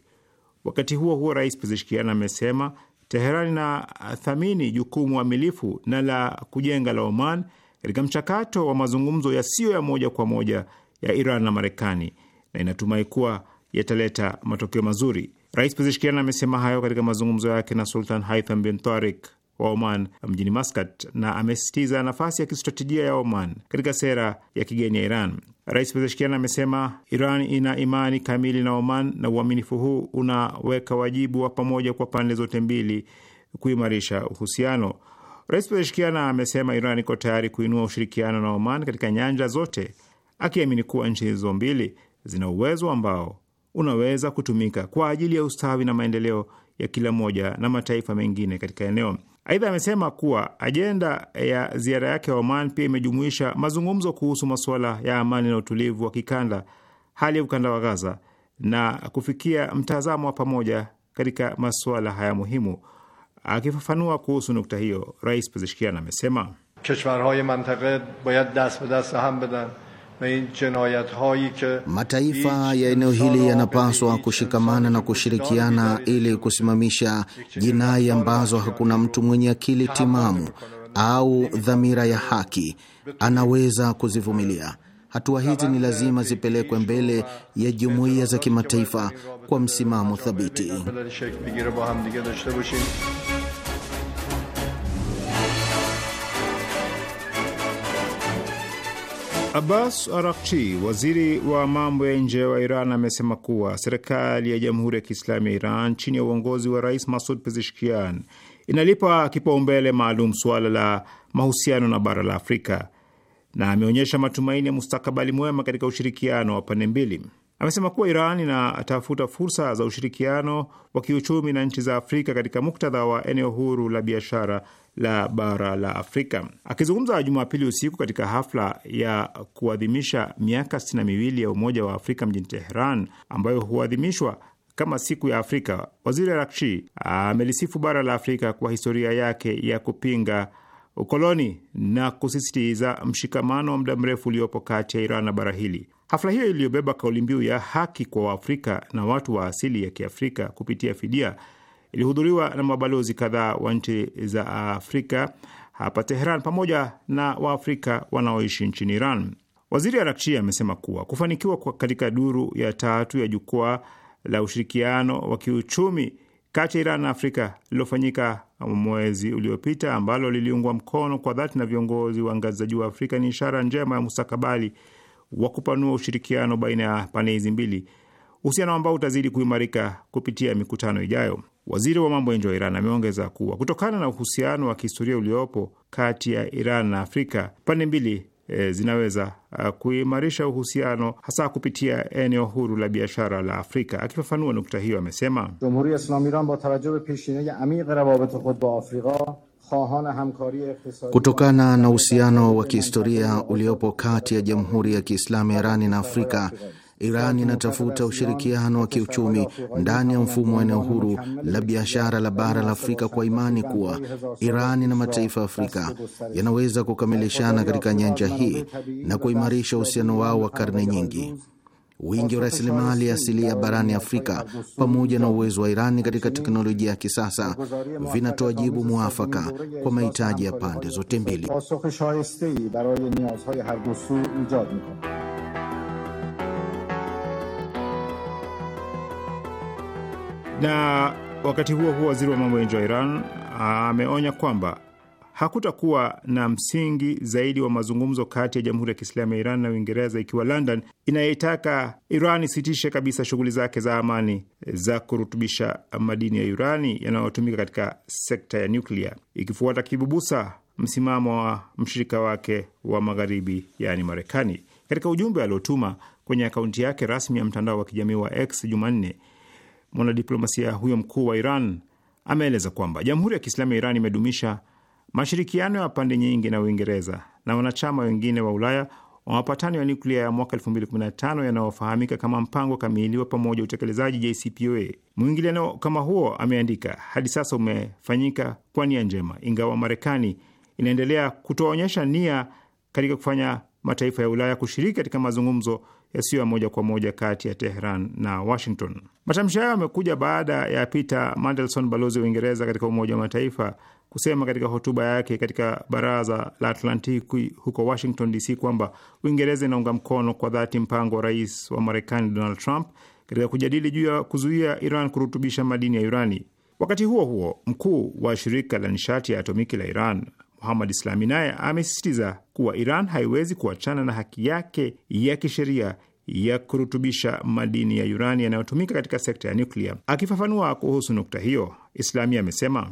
Wakati huo huo, Rais Pezeshkian amesema Teherani inathamini jukumu amilifu na la kujenga la Oman katika mchakato wa mazungumzo yasiyo ya moja kwa moja ya Iran na Marekani na inatumai kuwa yataleta matokeo mazuri. Rais Pezeshkian amesema hayo katika mazungumzo yake na Sultan Haitham bin Tarik wa Oman mjini Maskat na amesisitiza nafasi ya kistratejia ya Oman katika sera ya kigeni ya Iran. Rais Pezeshkian amesema Iran ina imani kamili na Oman na uaminifu huu unaweka wajibu wa pamoja kwa pande zote mbili kuimarisha uhusiano. Rais Pezeshkian amesema Iran iko tayari kuinua ushirikiano na Oman katika nyanja zote, akiamini kuwa nchi hizo mbili zina uwezo ambao unaweza kutumika kwa ajili ya ustawi na maendeleo ya kila moja na mataifa mengine katika eneo. Aidha, amesema kuwa ajenda ya ziara yake ya Oman pia imejumuisha mazungumzo kuhusu masuala ya amani na utulivu wa kikanda, hali ya ukanda wa Gaza na kufikia mtazamo wa pamoja katika masuala haya muhimu. Akifafanua kuhusu nukta hiyo, Rais Pezeshkian amesema keshvarhay mantaqe bayad dast be dast ham bedan Mataifa ya eneo hili yanapaswa kushikamana na kushirikiana ili kusimamisha jinai ambazo hakuna mtu mwenye akili timamu au dhamira ya haki anaweza kuzivumilia. Hatua hizi ni lazima zipelekwe mbele ya jumuiya za kimataifa kwa msimamo thabiti. Abbas Arakchi, waziri wa mambo ya nje wa Iran, amesema kuwa serikali ya Jamhuri ya Kiislamu ya Iran chini ya uongozi wa Rais Masud Pezeshkian inalipa kipaumbele maalum suala la mahusiano na bara la Afrika na ameonyesha matumaini ya mustakabali mwema katika ushirikiano wa pande mbili. Amesema kuwa Iran inatafuta fursa za ushirikiano wa kiuchumi na nchi za Afrika katika muktadha wa eneo huru la biashara la bara la Afrika. Akizungumza Jumapili usiku katika hafla ya kuadhimisha miaka sitini na miwili ya Umoja wa Afrika mjini Teheran, ambayo huadhimishwa kama siku ya Afrika, Waziri Rakshi amelisifu bara la Afrika kwa historia yake ya kupinga ukoloni na kusisitiza mshikamano wa muda mrefu uliopo kati ya Iran na bara hili. Hafla hiyo iliyobeba kauli mbiu ya haki kwa Waafrika na watu wa asili ya Kiafrika kupitia fidia ilihudhuriwa na mabalozi kadhaa wa nchi za Afrika hapa Teheran pamoja na Waafrika wanaoishi nchini Iran. Waziri Arakchi amesema kuwa kufanikiwa katika duru ya tatu ya jukwaa la ushirikiano wa kiuchumi kati ya Iran na Afrika lililofanyika mwezi uliopita, ambalo liliungwa mkono kwa dhati na viongozi wa ngazi za juu wa Afrika, ni ishara njema ya mustakabali wa kupanua ushirikiano baina ya pande hizi mbili, uhusiano ambao utazidi kuimarika kupitia mikutano ijayo. Waziri wa mambo ya nje wa Iran ameongeza kuwa kutokana na uhusiano wa kihistoria uliopo kati ya Iran na Afrika, pande mbili e, zinaweza ah, kuimarisha uhusiano hasa kupitia eneo huru la biashara la Afrika. Akifafanua nukta hiyo, amesema Jamhuri ya Iran ba ba Kutokana na uhusiano wa kihistoria uliopo kati ya Jamhuri ya Kiislamu ya Irani na Afrika, Iran inatafuta ushirikiano wa kiuchumi ndani ya mfumo wa eneo huru la biashara la bara la Afrika kwa imani kuwa Iran na mataifa ya Afrika yanaweza kukamilishana katika nyanja hii na kuimarisha uhusiano wao wa karne nyingi wingi wa rasilimali asilia barani Afrika pamoja na uwezo wa Irani katika teknolojia ya kisasa vinatoa jibu mwafaka kwa mahitaji ya pande zote mbili. Na wakati huo huo, waziri wa mambo ya nje wa Iran ameonya kwamba hakutakuwa na msingi zaidi wa mazungumzo kati ya Jamhuri ya Kiislamu ya Iran na Uingereza ikiwa London inayetaka Iran isitishe kabisa shughuli zake za amani za kurutubisha madini ya urani yanayotumika katika sekta ya nyuklia, ikifuata kibubusa msimamo wa mshirika wake wa magharibi, yaani Marekani. Katika ujumbe aliotuma kwenye akaunti yake rasmi ya mtandao wa kijamii wa X Jumanne, mwanadiplomasia huyo mkuu wa Iran ameeleza kwamba Jamhuri ya Kiislamu ya Iran imedumisha Mashirikiano ya pande nyingi na Uingereza na wanachama wengine wa Ulaya wa mapatano ya nuklia ya mwaka 2015 yanayofahamika kama mpango kamili wa pamoja utekelezaji JCPOA. Mwingiliano kama huo, ameandika, hadi sasa umefanyika kwa nia njema, ingawa Marekani inaendelea kutoonyesha nia katika kufanya mataifa ya Ulaya kushiriki katika mazungumzo yasiyo ya moja kwa moja kati ya Tehran na Washington. Matamshi hayo yamekuja baada ya Peter Mandelson, balozi wa Uingereza katika Umoja wa Mataifa, kusema katika hotuba yake katika Baraza la Atlantiki huko Washington DC kwamba Uingereza inaunga mkono kwa dhati mpango wa rais wa Marekani Donald Trump katika kujadili juu ya kuzuia Iran kurutubisha madini ya urani. Wakati huo huo, mkuu wa shirika la nishati ya atomiki la Iran Muhammad Islami naye amesisitiza kuwa Iran haiwezi kuachana na haki yake ya kisheria ya kurutubisha madini ya urani yanayotumika katika sekta ya nyuklia. Akifafanua kuhusu nukta hiyo, islami amesema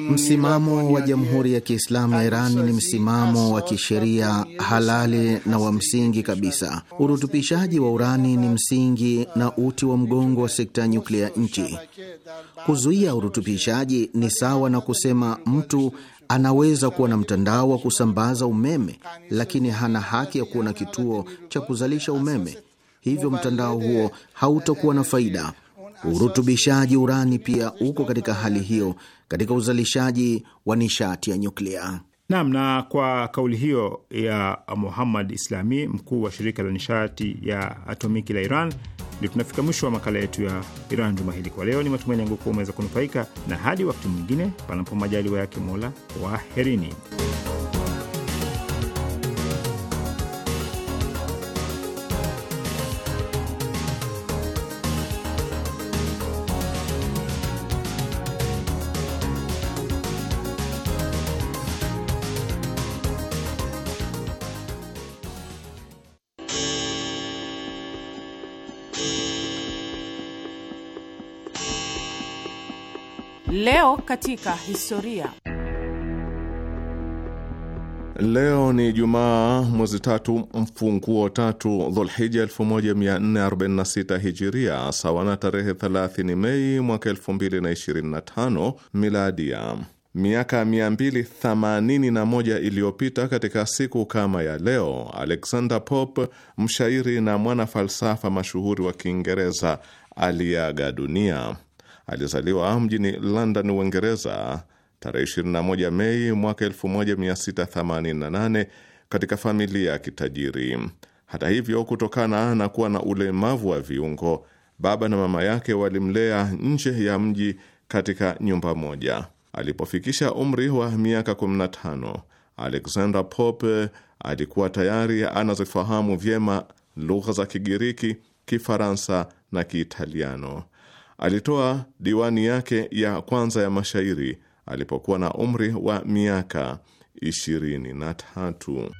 Msimamo wa Jamhuri ya Kiislamu ya Iran ni msimamo wa kisheria halali na wa msingi kabisa. Urutupishaji wa urani ni msingi na uti wa mgongo wa sekta ya nyuklia nchi. Kuzuia urutupishaji ni sawa na kusema mtu anaweza kuwa na mtandao wa kusambaza umeme, lakini hana haki ya kuwa na kituo cha kuzalisha umeme, hivyo mtandao huo hautakuwa na faida. Urutubishaji urani pia uko katika hali hiyo katika uzalishaji wa nishati ya nyuklia. Naam, na kwa kauli hiyo ya Muhammad Islami, mkuu wa shirika la nishati ya atomiki la Iran, ndio tunafika mwisho wa makala yetu ya Iran juma hili kwa leo. Ni matumaini yangu kuwa umeweza kunufaika, na hadi wakati mwingine, panapo majaliwa yake Mola, waherini. Leo katika historia. Leo ni Jumaa, mwezi tatu mfunguo tatu Dhulhija 1446 Hijiria, sawa na tarehe 30 Mei mwaka 2025 Miladia. Miaka 281 iliyopita katika siku kama ya leo, Alexander Pope, mshairi na mwanafalsafa mashuhuri wa Kiingereza, aliaga dunia. Alizaliwa mjini London, Uingereza tarehe 21 Mei mwaka 1688 katika familia ya kitajiri. Hata hivyo, kutokana na kuwa na ulemavu wa viungo, baba na mama yake walimlea nje ya mji katika nyumba moja. Alipofikisha umri wa miaka 15, Alexander Pope alikuwa tayari anazifahamu vyema lugha za Kigiriki, Kifaransa na Kiitaliano. Alitoa diwani yake ya kwanza ya mashairi alipokuwa na umri wa miaka ishirini na tatu.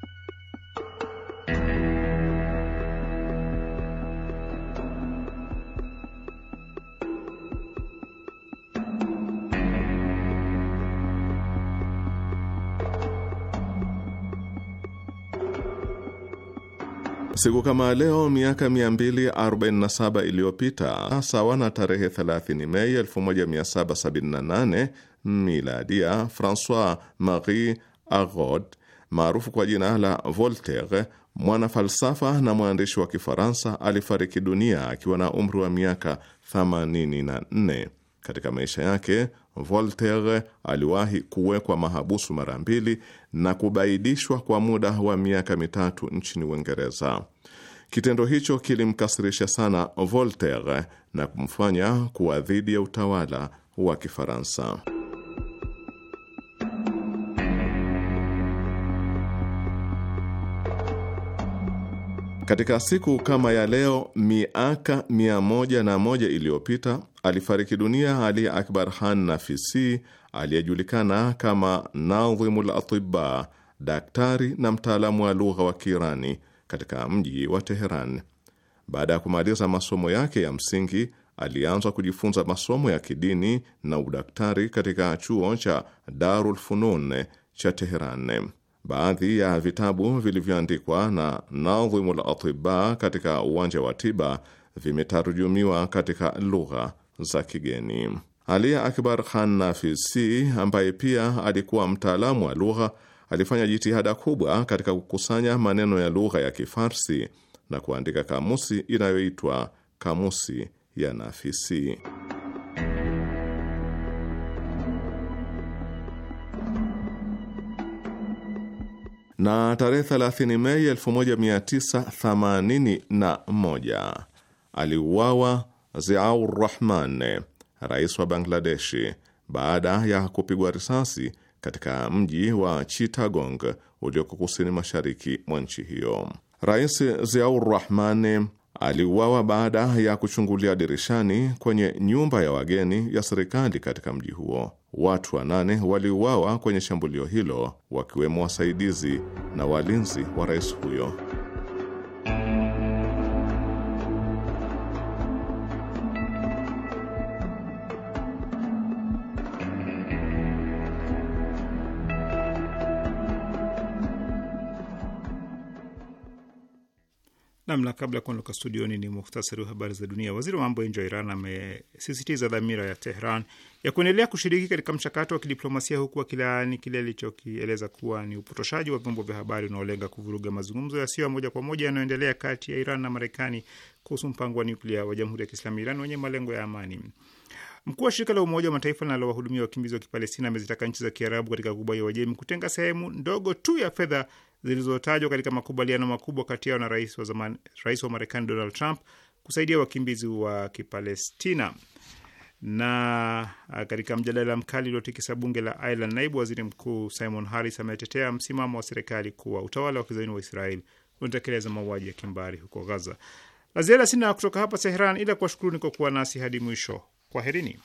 Siku kama leo miaka 247 iliyopita, sawa na tarehe 30 Mei 1778 miladia, Francois Marie arod maarufu kwa jina la Voltaire, mwana falsafa na mwandishi wa Kifaransa, alifariki dunia akiwa na umri wa miaka 84. Katika maisha yake Voltaire aliwahi kuwekwa mahabusu mara mbili na kubaidishwa kwa muda wa miaka mitatu nchini Uingereza. Kitendo hicho kilimkasirisha sana Voltaire na kumfanya kuwa dhidi ya utawala wa Kifaransa. Katika siku kama ya leo miaka mia moja na moja iliyopita alifariki dunia Ali Akbar Khan Nafisi aliyejulikana kama Nadhimul Atiba, daktari na mtaalamu wa lugha wa Kiirani katika mji wa Teheran. Baada ya kumaliza masomo yake ya msingi, alianza kujifunza masomo ya kidini na udaktari katika chuo cha Darul Funun cha Teheran. Baadhi ya vitabu vilivyoandikwa na Nadhimul Atiba katika uwanja wa tiba vimetarujumiwa katika lugha za kigeni. Ali Akbar Khan Nafisi, ambaye pia alikuwa mtaalamu wa lugha, alifanya jitihada kubwa katika kukusanya maneno ya lugha ya Kifarsi na kuandika kamusi inayoitwa Kamusi ya Nafisi. na tarehe 30 Mei 1981 aliuawa Ziaur Rahman, rais wa Bangladeshi, baada ya kupigwa risasi katika mji wa Chittagong ulioko kusini mashariki mwa nchi hiyo. Rais Ziaur Rahman aliuawa baada ya kuchungulia dirishani kwenye nyumba ya wageni ya serikali katika mji huo. Watu wanane waliuawa kwenye shambulio hilo, wakiwemo wasaidizi na walinzi wa rais huyo. Namna kabla ya kuondoka studioni ni muhtasari wa habari za dunia. Waziri wa mambo ya nje wa Iran amesisitiza dhamira ya Tehran ya kuendelea kushiriki katika mchakato wa kidiplomasia huku akilaani kile alichokieleza kuwa ni upotoshaji wa vyombo vya habari unaolenga kuvuruga mazungumzo yasiyo ya moja kwa moja yanayoendelea kati ya Iran na Marekani kuhusu mpango wa nyuklia wa Jamhuri ya Kiislamu Iran wenye malengo ya amani. Mkuu wa shirika la Umoja wa Mataifa linalowahudumia wakimbizi wa Kipalestina amezitaka nchi za Kiarabu katika Ghuba ya Uajemi kutenga sehemu ndogo tu ya fedha zilizotajwa katika makubaliano makubwa kati yao na rais wa zamani, rais wa Marekani Donald Trump kusaidia wakimbizi wa Kipalestina. Na ah, katika mjadala mkali uliotikisa bunge la Ireland, naibu waziri mkuu Simon Harris ametetea msimamo wa serikali kuwa utawala wa kizaini wa Israeli unatekeleza mauaji ya kimbari huko Gaza. La ziada sina kutoka hapa Teheran, ila kuwashukuruni kwa kuwa nasi hadi mwisho. Kwaherini.